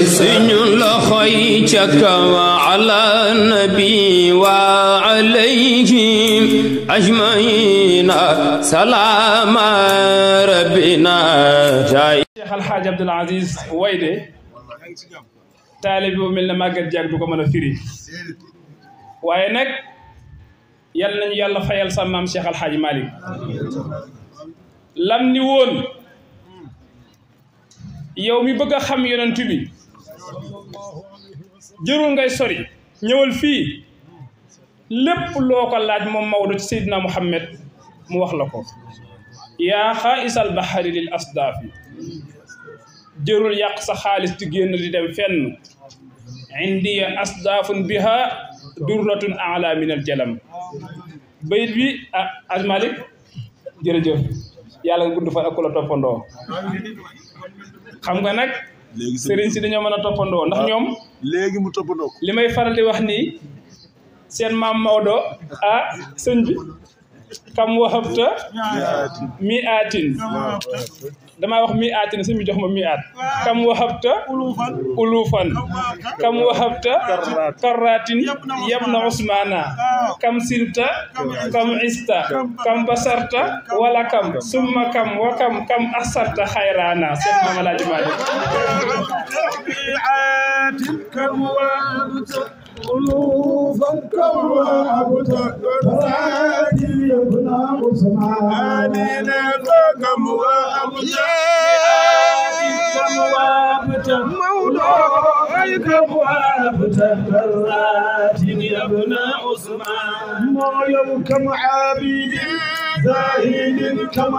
سن لخي شكوى وعلى النبي وعليهم اجمعين سلام ربنا جاي شيخ الحاج عبد العزيز ويدي طالب من المغرب جاك بكم من الفريق وينك يلا يلا فيل سمام شيخ الحاج مالك لم نيون يومي بقى خم يونان jërul ngay sori ñëwal fii lépp loo laaj moom Maodo ci Seydina Muhammad mu wax la ko yaa xaa'isal bahari lil asdaafi jërul yàq sa xaalis di génn di dem fenn indiya asdaafun biha durratun ala min al jalam bayit bi ah aj malik yàlla nga gudd fan ak toppandoo xam nga nag léegi sëriñ si dañoo mën a toppandoo ndax ah, ñoom. léegi mu toppandoo li may faral di wax ni seen maam Maodo ah sëñ bi kam waxabta mi aatin dama wax mi aati ne suñu jox ma mi at kam wahabta ulufan ulufan kam wahabta karatin yabna usmana kam silta kam ista kam basarta wala kam summa kam wa kam kam asarta khairana seen mama laaji maa ألوفا كوابتا فراجل يبنى مسمع آمين فكم كم عابد زاهد كم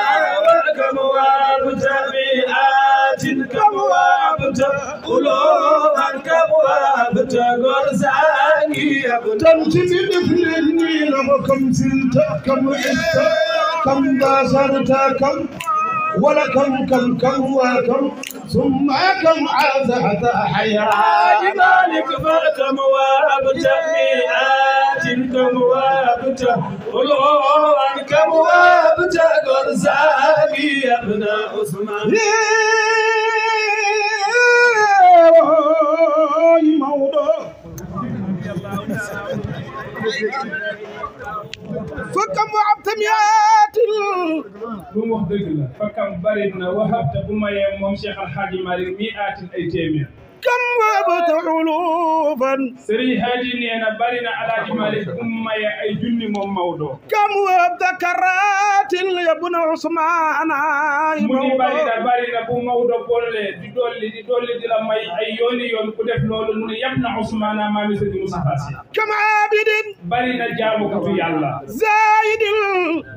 تقول ساني تمشي بدفلني كم زلت كم عشت كم باشرت كم ولا كم كم كم وكم ثم كم عزعت أحياء مالك كم وابت والغوان قرزاني يا ابن عثمان فكم وعبت مياتل فكم بارينا وهبت بوم يم الحاج مالك مياتل اي dukkan waabata ulufan seri haaji neena bari na alaaji malik ummaya ay junni moom mawɗo kam wabda karatin yabuna usmana muni barina barina bu mawɗo bolle ɗi dolli ɗi dolli ɗila may ay yoni yon ko def loolu muni yabna usmana mami sedi mousafa si kam abidin barina jaamu ko to yallah zaidil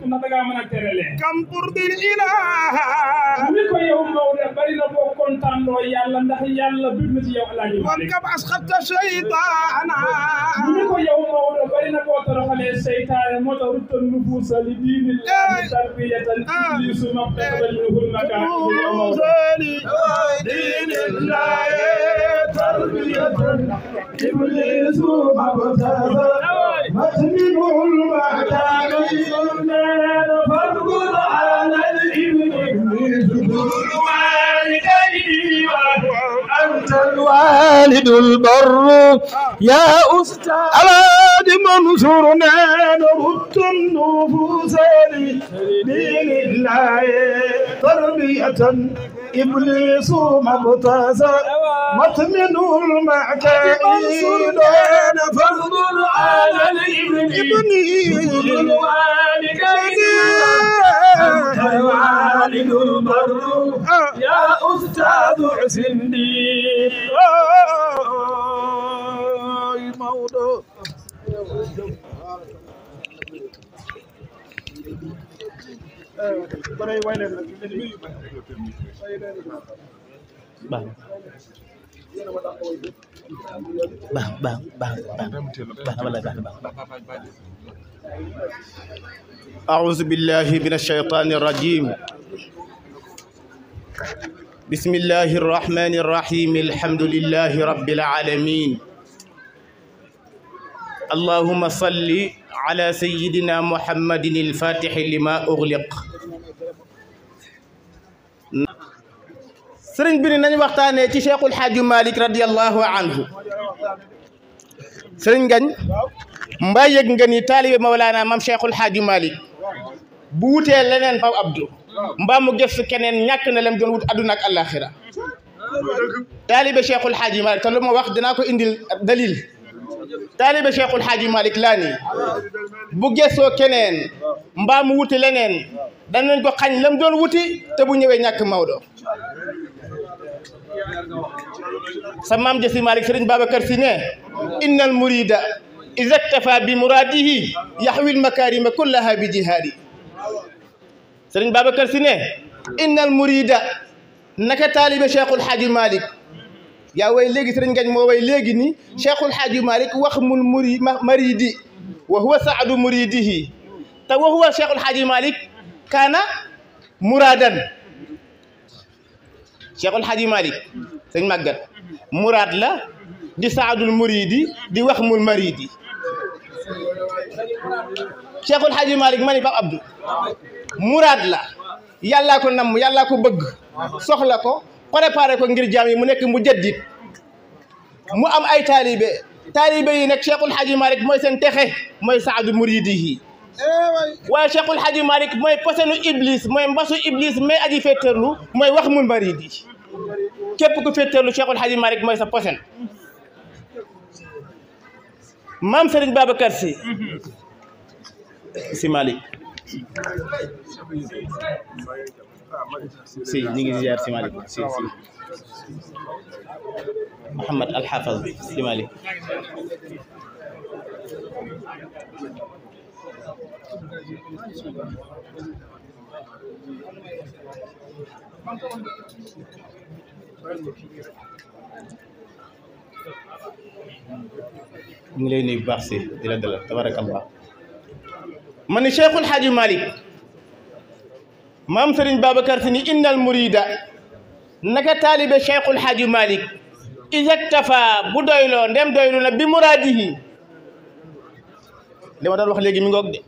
kam ɓurɗil ilaha mi ko yew mawɗe ɓarino bo contanɗo yalla ndax yalla bimiti yew alaji on kam ashabta cheitana mi ko yew mawɗo ɓarino bo torohale seytane moto rutton nufusa li dini tarbiyatan iblisu mabɓe ɓaɗinohulmaka dini laye tarbiyatan iblisu mabtaba matminul mahtani sunna الوالد البر يا استاذ منصور نبت نعم النفوس لدين الله تربيه إبليس مبتزا مطمن المعكائد فاصبر على الإبن إبن أنت يعالج البر يا أستاذ حسن دين أعوذ بالله من الشيطان الرجيم بسم الله الرحمن الرحيم الحمد لله رب العالمين اللهم صل على سيدنا محمد الفاتح لما أغلق سرين بني ناني واختاني تي شيخ الحاج مالك رضي الله عنه سرين غن مبايك غني طالب مولانا مام شيخ الحاج مالك بوتي لنن باب عبدو مبامو جف كنن نياك نلم دون ود ادونك الاخره طالب شيخ الحاج مالك تلوما واخ دناكو انديل دليل طالب شيخ الحاج مالك لاني بو جيسو كنن مبامو ووتي لنن دان نكو خاج لم دون ووتي تبو نيوي نياك ماودو sa maam ja si Malick Serigne Babacar Sy ne innal murida iza iktafa bi muradihi yahwil makarima kullaha bi jihaadi Serigne Babacar Sy ne innal murida naka taalibe Cheikhul Hadji Malick yaa way léegi Serigne Ngagne moo way léegi ni Cheikhul Hadji Malick wax mul muri maridi wa huwa saadu muridihi te wa huwa Cheikhul Hadji Malick kaana muradan شيخ الحاجي مالك سيغ ماغات مراد لا دي سعد المريدي دي وخم المريدي شيخ الحاجي مالك ماني باب عبد مراد لا يالا كو نام يالا كو بغ سوخلا كو بريباري كو غير جامي مو نيك مو جديد مو ام اي طالب طالب يي نك شيخ الحاجي مالك موي سن تخه موي سعد المريدي وي شيخ الحاج مالك موي بوسنو ابليس موي مباسو ابليس مي ادي فترلو موي وخمول مريدي كيف كيف تقول شيخ الحديث مالك ما يسبحن ما مسرد باب كرسي سي مالك سي محمد الحافظ سي mu ngi lay nuyu bu baax si di la dalal tabarakallah ma ni Cheikhul Hadji Malick maam Serigne Babacar Sy ni innal murida naka taalibe Cheikhul Hadji Malick ijaktafa bu doyloo ndem doylu na bi muraadihi li ma wax léegi mi ngoog de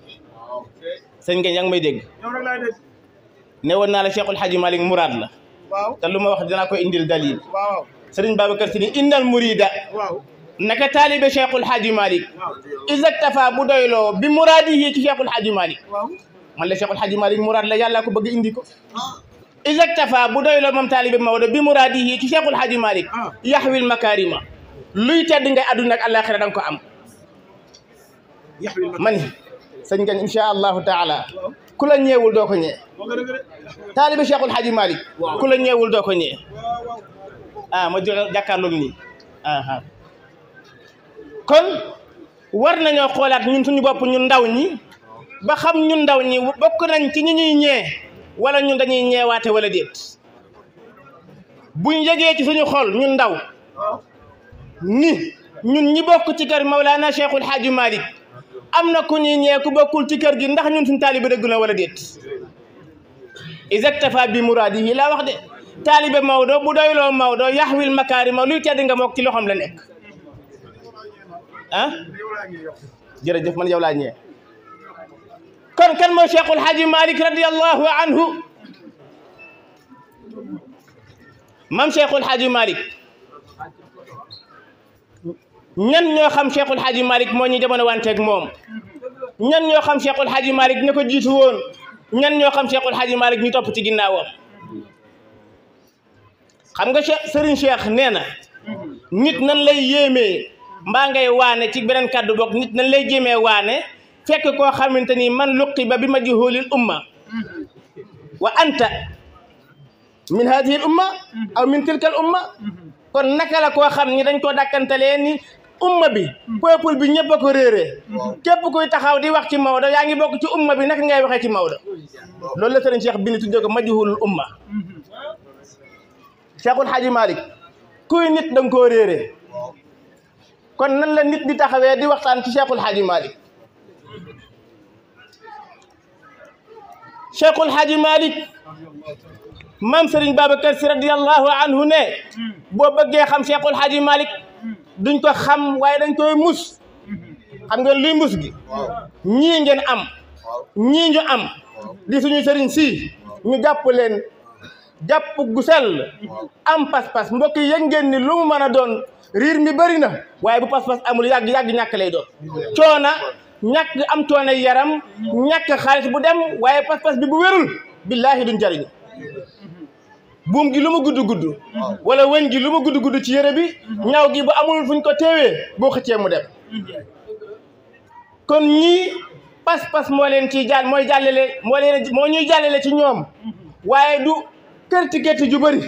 sëñ ngeen yaa ngi may dégg ne woon naa la Cheikhul Hadji Malick muraad la waaw te lu ma wax dinaa ko indil dalil waaw sëriñ Babacar Si ni innal murida waaw naka taalibe Cheikhul Hadji Malick isaktafa bu doyloo bi muraadihi ci Cheikhul Hadji Malick man la Cheikhul Hadji Malick muraad la yàlla ko bëgg indi ko isaktafa bu doyloo moom taalibe Maodo bi muraadihi ci Cheikhul Hadji Malick yaxwil makarima luy tedd ngay àdduna ak àllaaxira danga ko am man sëñ gañ incha allahu taala ku la ñeewul doo ko ñee taalibi Cheikhul Hadji Malick ku la ñeewul doo ko ñee ah ma joxe jàkkaarloog nii aha kon war nañoo xoolaat ñun suñu bopp ñun ndaw ñi ba xam ñun ndaw ñi bokk nañ ci ñu ñuy ñee wala ñun dañuy ñeewaate wala déet buñ yëgee ci suñu xol ñun ndaw ñun ñi bokk ci kër Maulana Cheikhul Hadji Malick am na ku ñuy ñee ku bokkul ci kër gi ndax ñun suñ taalibe dëgg na wala déet isectafa bi muraadihi laa wax de taalibe Maodo bu doyloo Maodo yaxwil makaarima luy tedd nga mook ci loxoom la nekk ah jërëjëf man yow laa ñee kon kan mooy Cheikhul Haaji Malick radiyallahu anhu mam Cheikhul Haaji Malick ñan ñoo xam Cheikhul Hadji Malick moo ñu jamono wanteeg moom ñoo xam Cheikhul Hadji Malick ñu ko jiitu woon ñan ñoo xam Cheikhul Hadji Malick ñu topp ci ginnaawam xam nga Cheikh Serigne Cheikh nee na nit nan lay yéemee mbaa ngay waane ci beneen kàddu bokk nit nan lay jéemee waane fekk koo xamante ni man luqi ba bi ma jihoolil umma wa anta min hadihi al umma aw min tilka umma kon naka la koo xam ni dañ koo dàkkantalee ni umma bi hmm. peuple bi ñepp ko réeree hmm. képp kuy taxaw di wax ci mawda ya ngi bok ci umma bi nak ngay waxe ci mawda loolu la serigne Cheikh bind tuddee ko umma hmm. Cheikhul haji malik kuy nit dang ko koo kon nan la nit di taxawé di waxtaan ci Cheikhul haji malik Cheikhul haji malik mam Serigne babakar Sy anhu ne bo bëggee xam Cheikhul Haji Malik. duñ ko xam waaye dañ koy mus xam nga luy mus gi ñii ngeen am ñii ñu am di suñu sëriñ si ñu jàpp leen jàpp gu sell am pas-pas mbokk yi yëg ngeen ni lu mu mën a doon riir mi bari na waaye bu pas-pas amul yàgg yàgg ñàkk lay doon coona ñàkk am coona yaram ñàkk xaalis bu dem waaye pas-pas bi bu wérul billaahi duñ jariñu buum gi lu ma gudd gudd wala weñ gi lu ma gudd gudd ci yére bi ñaaw gi ba amul fuñ ko teewee boo xëccee mu dem kon ñii pas-pas moo leen ciy jàll mooy jàllale moo leen moo ñuy jàllale ci ñoom waaye du kërti-kërti ju bëri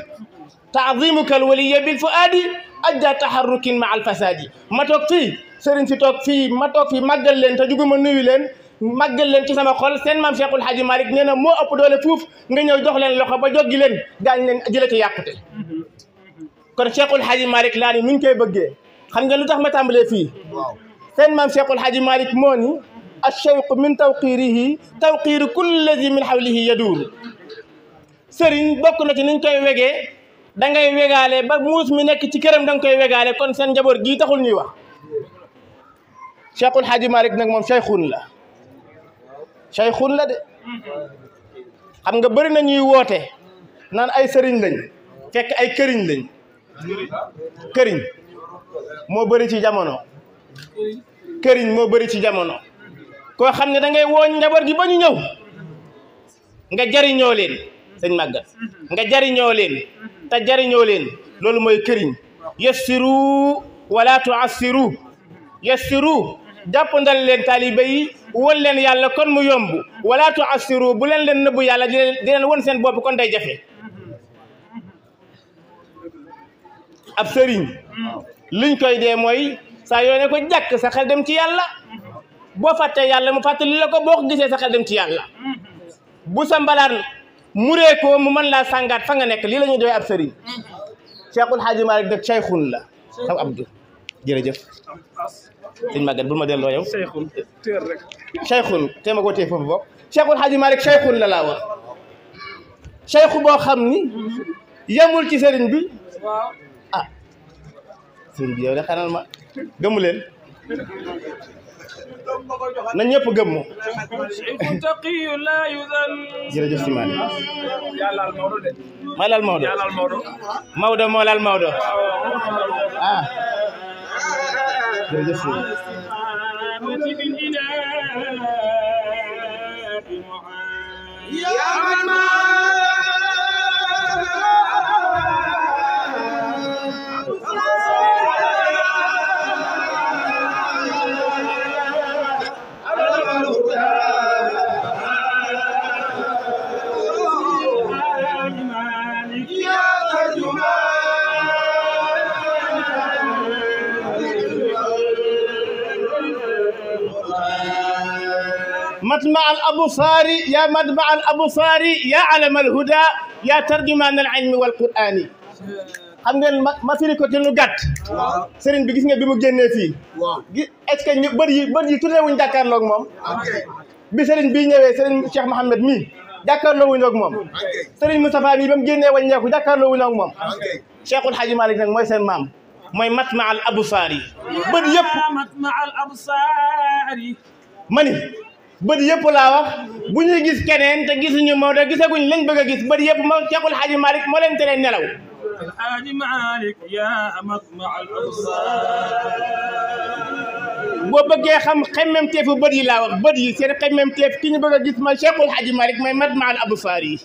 taadimukal waliya bil fuaadi ajja taharrukin ma al fasaadi ma toog fii sëriñ si toog fii ma toog fii màggal leen te juguma nuyu leen magal len ci sama xol sen mam Cheikhul Hadji malik neena mo upp doole fouf nga ñëw dox len loxo ba joggi len gaañ len jële ci yàqute kon Cheikhul Hadji malik laa ni nuñ koy bëgge xam nga lutax ma tambalé fi sen mam Cheikhul Hadji malik mo ni acheyqu min tawqiirihi tawqiiru kulli lazi min hawlihi yaduur sëriñ bokk na ci niñ koy wegee da ngay wegaale ba muus mi nekk ci këram da nga koy wegaale kon seen njaboot gii taxul ñuy wax Cheikhul Hadji Malick nag moom cheikhun la cheikhun la de xam nga bëri na ñuy woote naan ay sëriñ lañ fekk ay këriñ lañ këriñ moo bëri ci jamono këriñ moo bëri ci jamono koo xam ne dangay ngay wooñ njaboot gi bañu ñëw nga jariñoo leen sëñ màggat nga jariñoo leen te jariñoo leen loolu mooy këriñ yassiru wala tuassiru yassiru jàppandal leen taalibe yi won leen yàlla kon mu yomb wala tu assiru bu leen leen nëbbu yàlla di leen di leen won seen bopp kon day jafe ab sëriñ liñ koy dee mooy saa yoone ne ko jàkk sa xel dem ci yàlla boo fàttee yàlla mu fàttali la ko boo ko gisee sa xel dem ci yàlla bu sa mbalaan muree ko mu mën laa sàngaat fa nga nekk lii lañuy ñuy doy ab sëriñ Cheikhul Hadji Malick nag cheikhun la saw jërëjëf sëñ Maguette bul ma delloo yow cheikhul téer rek cheikhul te ma ko téye foofu bopp cheikhul Hadji Malick cheikhul la laa wax cheikhu boo xam ni yemul ci sëriñ bi ah sëriñ bi yow de xanaa ma gëmu leen na ñëpp gëmmu jërëjëf si maanaam ma laal Maodo Maodo moo laal Maodo ah الإمامة بالإله يا من مدمع الأبصار يا مدمع الأبصار يا علم الهدى يا ترجمان العلم والقرآن xam ngeen ma firi ko ci lu gàtt sëriñ bi gis nga bi mu génnee fii est-ce que ñu bër yi bër yi tourné wuñ jàkkaarloog moom bi sëriñ bii ñëwee sëriñ Cheikh Mouhamed mii jàkkaarloo wuñ ak moom sëriñ Moustapha mii ba mu génnee waññeeku jàkkaarloo wuñ ak moom Cheikhul Hadji Malick nag mooy seen maam mooy matma al absaar yi bër yëpp matma al absaar yi mani bët yëpp laa wax bu ñuy gis keneen te gisuñu Maodo gisaguñ lañ bëgg a gis bët yëpp ma Cheikhul Hadji Malick moo leen tere nelaw Hadji Malick yaa matma al boo bëggee xam xemmem teefu bët yi laa wax bët yi seen xemmem teef ki ñu bëgg a gis ma Cheikhul Hadji Malick mooy matma al absar yi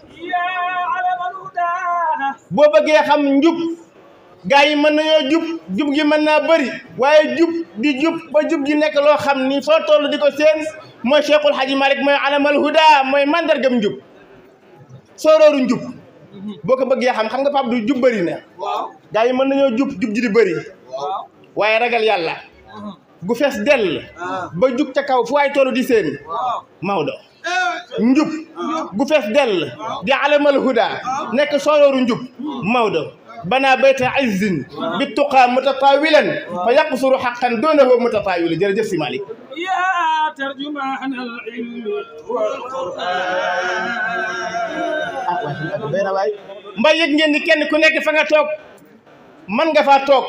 boo bëggee xam njub gaa yi mën nañoo jub jub gi mën naa bëri waaye jub di jub ba jub gi nekk loo xam ni foo toll di ko seen mooy Cheikhul Hadji Malick mooy alamal huda mooy mandargam njub soorooru njub boo ko bëggee xam xam nga Pape du jub bëri na gaa yi mën nañoo jub jub ji di bëri waaye ragal yàlla uh-huh. gu fees dell uh-huh. ba jug ca kaw fu ay tollu di seen Maodo eh. njub uh-huh. gu fees dell di alamal huda nekk soorooru njub Maodo banaa bayta izzin bi tuqaa mutatawilan fa yaqsuru xaqan doonahu mutatawila jërëjëf si Malick يا ترجمان العلم والقرآن mbay yëg ngeen ni kenn ku nekk fa nga toog mën nga faa toog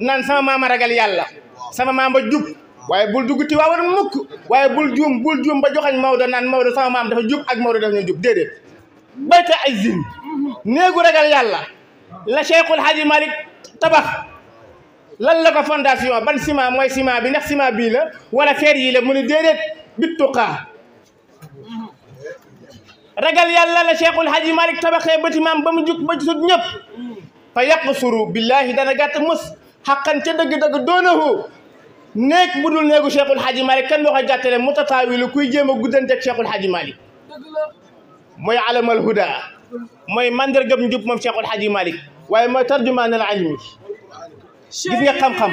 naan sama a ragal yàlla sama maama jub waaye bul dugg ci waawoon mukk waaye bul juum bul juum ba joxañ Maodo naan Maodo sama maam dafa jub ak Maodo dafa ñu jub déedéet bayta azim néegu ragal yàlla la Cheikhul Hadji Malick tabax lan la ko fondation ban sima moy sima bi ndax sima bi la wala fer yi la mune dedet bituqa ragal yàlla la cheikhul haji malik tabakhé bâtiment ba mu jug ba sut ñep fa yaqsuru billahi dana gàtt mus haqqan ci deug deug donahu nek bu negu cheikhul haji malik kan waxa koy gàttale mutataawilu kuy jema gudante guddanteeg cheikhul haji malik moy alamal huda moy mooy gam njub mom cheikhul haji malik waye moy tarjuman al ilmi gis nga xam-xam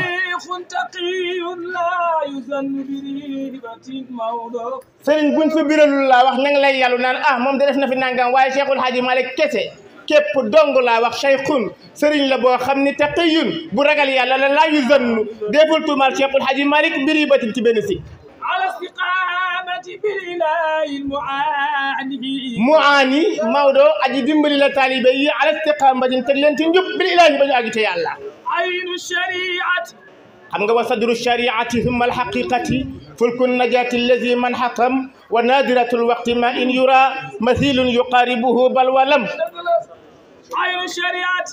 sëriñ buñ fi biralul wax na nga lay yàllu naan ah moom de def na fi nangam waaye Cheikhul Hadji Malick kese képp dong laa wax cheikhun sëriñ la boo xam ni taqiyun bu ragal yàlla la laa yu zannu déeful tuumaal Cheikhul Hadji Malick mbir yi batin ci benn si mu aani Maodo aji dimbali la taalibe yi ala istiqaamatin teg leen ci njub bil ilaahi ba ñu àgg yàlla عين الشريعة xam nga wa sadru shariati humma alhaqiqati fulku najati allazi man hatam wa nadiratu alwaqti ma in yura mathilun yuqaribuhu bal walam aynu shariat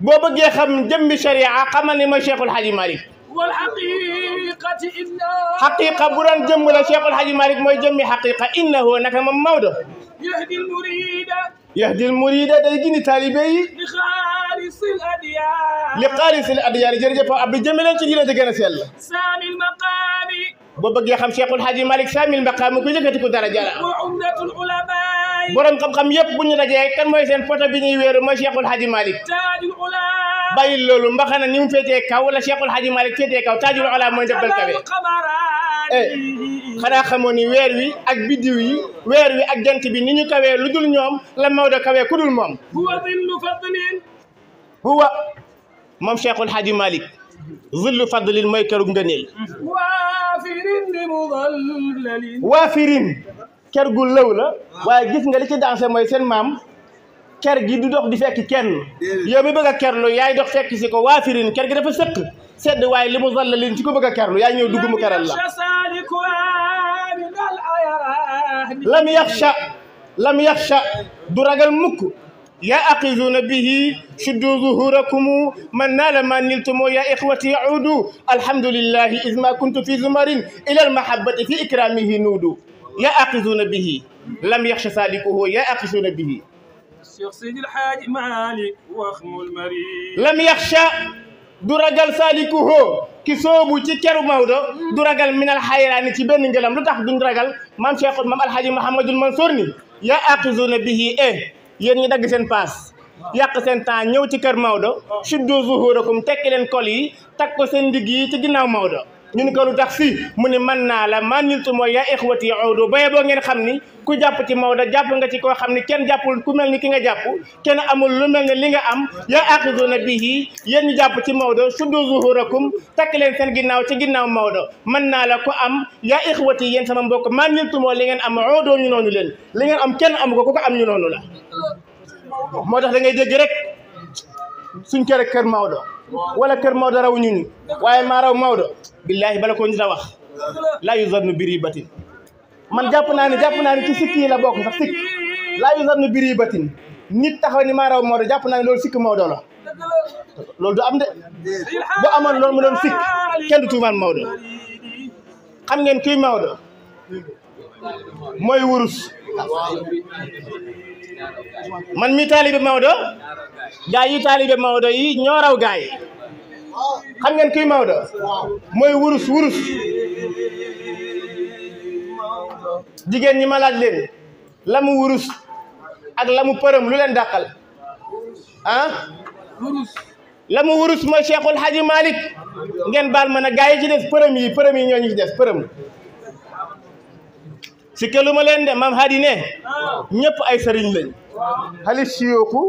boo bëggee xam jëmmi sharia xamal ni mooy Cheikhul Hadji Malick wal haqiqati inna haqiqa bu doon jëmm la Cheikhul Hadji Malick mooy jëmmi haqiqa innahu naka moom Maodo yahdi almurida yahdi almurida day gindi taalibe yi لقارس الأديان جرجف أبي جميل تجينا تجينا سيلا سامي المقامي بابك يا خمسة يقول حاجي مالك سامي المقامي كذا كتكون درجة وعمدة العلماء برم كم كم يب بني درجة كان ما يسند فتا بني وير ما يقول حاجي مالك تاج العلماء باي اللول ما خنا نيم فيت يك أو لا يقول حاجي مالك فيت يك أو تاج العلماء من جبل كبير إيه. خنا خموني ويري أكبدوي ويري أكجنتي بني نيو كبير لدول نيوم لما ودا كبير كدول مام هو ظل فضل هو مام شيخ الحاجي مالك ظل فضل الميكرو غنيل وافرين مضلل وافرين كرغول لولا واي غيس نغا لي سي دانسي موي سين مام كير دو دوخ دي فك كين يوبي بغا كير ياي دوخ فك سيكو وافرين كير دا فا سك سد واي لي مضلل تي بغا كير ياي نيو دوغ مو لا لم يخشى لم يخشى دو راغال موكو يا أقذون به شدوا ظهوركم من نال ما نلتم يا إخوتي عودوا الحمد لله إذ ما كنت في زمر إلى المحبة في إكرامه نودوا يا أقذون به لم يخش سالكه يا أقذون به الشيخ سيد الحاج مالك وخم المريض لم يخش درجل سالكه كسوبو تكرو موضو درجل من الحيران تبين نجلم لتخدم درجل مام شيخ مام الحاج محمد المنصورني يا أقذون به إيه yéen ñi dagg seen paas yàq seen temps ñëw ci kër Maodo suddu zuhurakum tekki leen kol yi takk ko seen ndigg yi ci ginnaaw Maodo ñu ni ko lu tax fii mu ne man naa la maniltu mooy yaa ixwati awdo baye boo ngeen xam ni ku jàpp ci Maodo jàpp nga ci koo xam ni kenn jàppul ku mel ni ki nga jàpp kenn amul lu mel ni li nga am yaa aqiduna bihi yéen ñu jàpp ci Maodo suddu zuhurakum takk leen seen ginnaaw ci ginnaaw Maodo man naa la ko am yaa ixwati yéen sama mbokk maniltu mooy li ngeen am awdo ñu noonu leen li ngeen am kenn amu ko ku ko am ñu noonu la moo tax da ngay rek suñ kër kër Maodo wala kër Maodo raw ñu waaye maa raw Maodo billaahi bala ko ñu da wax laa yu zannu biri batin man jàpp naa ne jàpp naa ne ci sikk yi la bokk sax sikk laa yu zannu biri batin nit taxaw ni maa raw jàpp naa loolu sikk Maodo la loolu du am de bu amoon loolu mu doon sikk kenn du tuumaan Maodo xam ngeen kuy Maodo mooy wurus man mi taalibe Maodo gaa yi taalibe Maodo yi ñoo raw gaa yi xam ngeen kuy Maodo mooy wurus wurus jigéen ñi ma laaj leen la mu wurus ak la mu përëm lu leen daqal ah la mu wurus mooy Cheikhul Hadji Malick ngeen baal ma ne gaa yi ci des përëm yi përëm yi ñoo ñu ci des përëm sikkeelu ma leen de maam Hadi ne ñëpp ay sëriñ lañ xali siyooku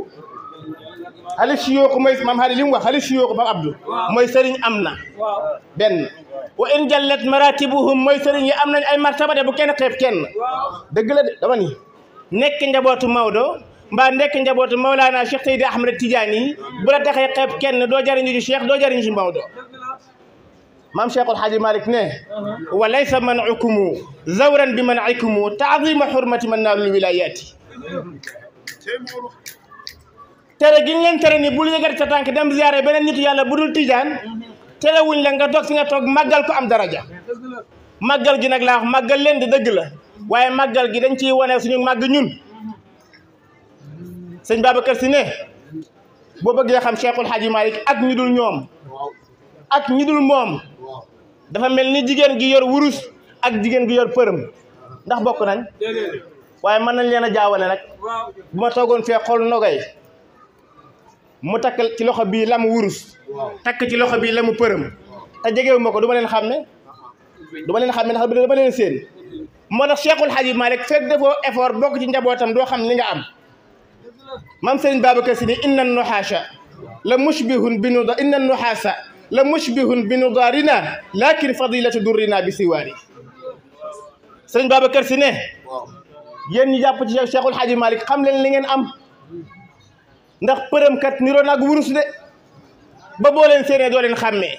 xali siyooku mooy maam Hadi li wax xali siyooku maam Abdou mooy sëriñ am na benn wa in jallet maratibuhum mooy sëriñ yi am nañ ay martaba de bu kenn xeeb kenn dëgg la de dama ni nekk njabootu Maodo mbaa nekk njabootu Maolana Cheikh Seydi Ahmed Tidiane yi bu la taxee xeeb kenn doo jariñu ci Cheikh doo jariñu ci Maodo maam Cheikhul Xaaji Malick ne wa laysa manukumu zawran bi man manikumu taadima xurmati man naalul wilayaati tere gi ñu leen tere ni bu yëgati sa tànk dem ziyaare beneen nit yàlla bu dul tijaan terewuñ la nga toog si nga toog màggal ko am daraja màggal gi nag laa wax màggal leen di dëgg la waaye màggal gi dañ wanee su suñu màgg ñun sëñ Babacar si ne boo bëggee xam Cheikhul Xaaji Malick ak ñu dul ñoom ak ñu dul moom dafa mel ni jigéen gi yor wurus ak jigéen gi yor përëm ndax bokk nañ waaye mën nañ leen a jaawale nag bu ma toogoon fee xool nogay mu takk ci loxo bii lamu wurus takk ci loxo bii lamu përëm te jegewu ma ko du ma leen xam ne du ma leen xam ne ndax du ma leen seen moo tax Cheikhul Hadji Malick fekk defoo effort bokk ci njabootam doo xam ni nga am mam Serigne Babacar Sy ni inna nuhaasha la mushbihun bi nu inna nuhaasa لمشبه بنضارنا لكن فضيلة درنا بسواره sëñ Babacar si ne yéen ñi jàpp ci Cheikhul Hadji Malick xam am ndax përëm kat niroo nag wurus de ba boo leen séenee doo leen xàmmee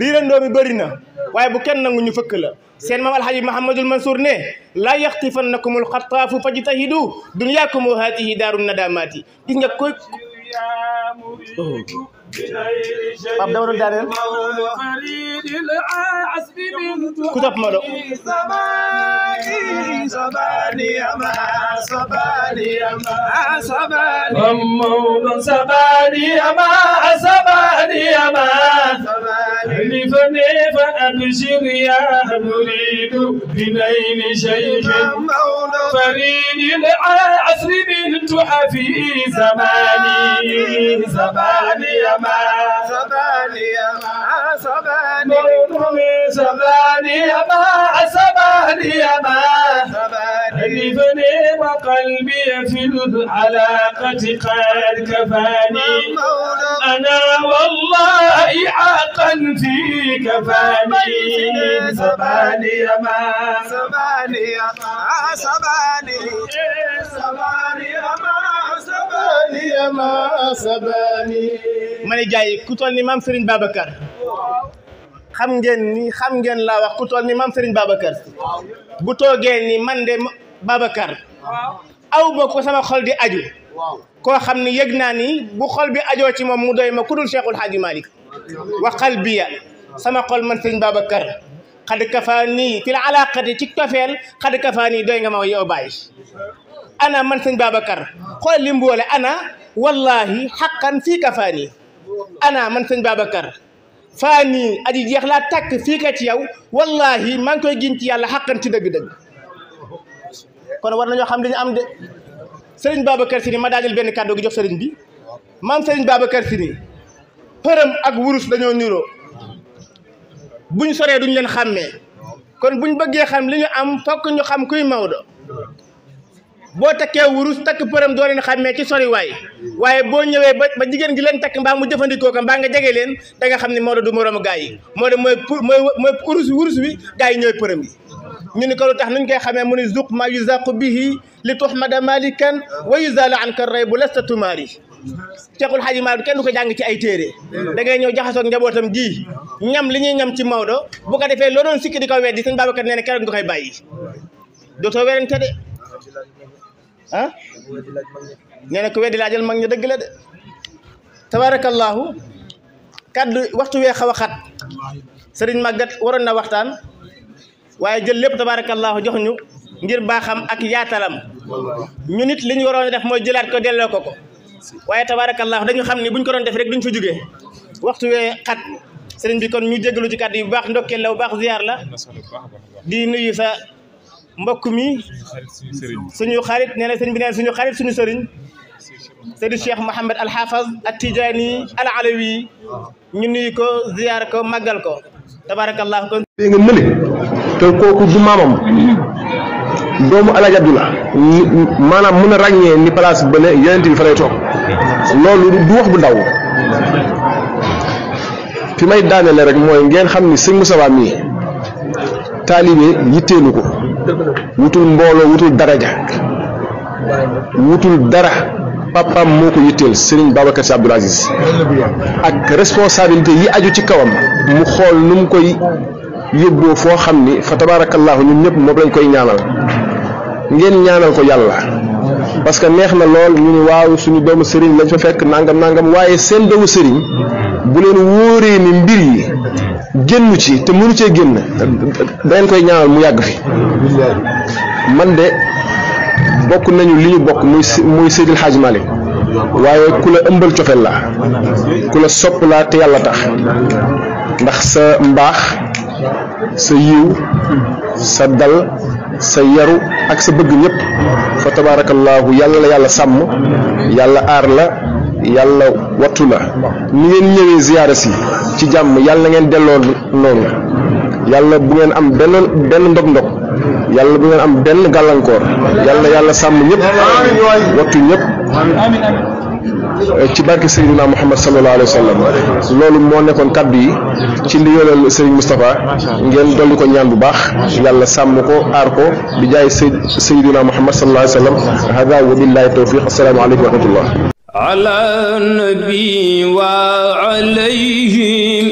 riirandoo mi bëri na waaye bu kenn nangu ñu fëkk la seen maam alhaji Mahamadul Mansour ne laa yaxtifannakumul xataafu fajtahidu dunyaakum wa haatihi daaru gis nga koy طب دور الدارين فريد العزب من كتب مدو زماني زماني يا ما زماني يا ما زماني ممون زماني يا ما زماني يا ما زماني فنيف أبشر يا مريد بنين شيخ فريد العزب من تحفي زماني زماني يا يا ما يا ما ألفني وقلبي في العلاقة قد كفاني أنا والله حقا في كفاني سباني ما سباني ما سباني سباني ما سباني ما سباني ma ne gars yi ku toll ni maam Serigne Babacar xam ngeen ni xam ngeen laa wax ku toll ni maam Serigne Babacar bu toogee ni man de babakar aw ma ko sama xol di aju koo xam ne yëg naa ni bu xol bi ajoo ci moom mu doy ma ku dul Cheikhul Hadji Malick wa qalbiya sama xol man sëñ Babacar xad kafaa fil alaqati ci tofeel xad kafaa doy nga ma yow bàyyi ana man sëñ Babacar xool li ana wallahi xaqan fii kafaa nii ana man sëñ Babacar faa nii jeex laa tàkk fii ka ci yow wallahi maa ngi koy gin ci yàlla xaqan ci dëgg-dëgg kon war nañu xam dañu am de serigne Babacar sini ma dajal ben cadeau gi jox serigne bi maam serigne Babacar sini peureum ak wurus dañu niro buñ soree duñ leen xamé kon buñ bëggé xam liñu am fokk ñu xam kuy mawdo bo takkee wurus tak peureum do leen xamé ci sori way waye bo ñëwé ba jigen gi leen tak mbaa mu jëfëndiko ko mbaa nga jege leen da nga xamni mawdo du moroomu gaay yi Maodo mooy pour mooy wurus wurus wi gaay ñoy peureum yi. ñu ni ko lu tax nuñ koy xamee mu ni zuq ma yuzaqu bihi li tuhmada malikan wa yuzala anka les lasta tumaari Seexul Xaaji Maalik kenn du ko jàng ci ay téere da ngay ñëw jaxasoog njabootam gi ñam li ñuy ñam ci Maodo bu ko defee loo doon sikki di ko weddi sëñ Babacar nee na keroog nga koy bàyyi dootoo werante de ah nee na ko weddi laajal mag ña dëgg la de tabaarakallaahu kaddu waxtu wee xaw a xat sëriñ màggat waroon na waxtaan waye jël lépp tabarakallah jox ñu ngir baaxam ak yaatalam ñu nit liñ waroon def moy jëlat ko delo ko ko waye tabarakallah dañu xam ni buñ ko doon def rek duñ fa juggé waxtu wé xat sëriñ bi kon ñu jéggelu ci kàddu yi bu baax ndokkeel la bu baax ziar la di nuyu sa mbokk mi suñu xarit neena sëriñ bi neena suñu xarit suñu sëriñ Seydi الشيخ محمد الحافظ التجاني العلوي Tidjani Al Alawi ñu nuyu ko ziar ko màggal ko tabaarakallaahu te kooku du maamam doomu Alaaji la maanaam mën a ràññee ni place bële yeneen bi fa lay toog loolu du wax bu ndaw fi may daaneele rek mooy ngeen xam ni sëñ Moussa mii taalibe yitteelu ko wutul mbooloo wutul daraja wutul dara papaam moo ko yitteel Serigne Babacar Sy Abdoul Aziz ak responsabilité yi aju ci kawam mu xool nu mu koy yóbboo foo xam ni fa tabaarakallaahu ñun ñëpp moom lañ koy ñaanal ngeen ñaanal ko yàlla parce que neex na lool ñu ni waaw suñu doomu sëriñ lañ fa fekk nangam nangam waaye seen doomu sëriñ bu leen wóoree ni mbir yi génn ci te mënu cee génn dangeen koy ñaanal mu yàgg fi man de bokk nañu li ñu bokk muy muy xaaj male Malick waaye ku la ëmbal cofeel la ku la sopp laa te yàlla tax ndax sa mbaax sa yiw sa dal sa yaru ak sa bëgg ñëpp fa tabaarakallaahu yàlla la yàlla sàmm yàlla aar la yàlla wattu la ni ngeen ñëwee ziyaara si ci jàmm yàlla ngeen delloo noonu yàlla bu ngeen am benn benn ndog-ndog yàlla bu ngeen am benn gàllankoor yàlla yàlla sàmm ñëpp wattu ñëpp ci barke Seydina Muhammad sallallahu alayhi wa sallam loolu moo nekkoon kaddu yi ci li yoolal Serigne Moustapha ngeen dolli ko ñaan bu baax yàlla sàmm ko aar ko bi jaay Seyd Seydina Muhammad sallallahu alayhi wa sallam hada wa billahi tawfiq assalaamu aleykum wa rahmatullah ala nabi wa alayhim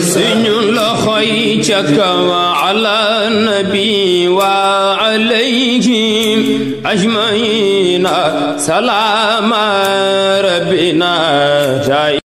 سنن لخيتك وعلى النبي وعليهم أجمعين سلام ربنا جاي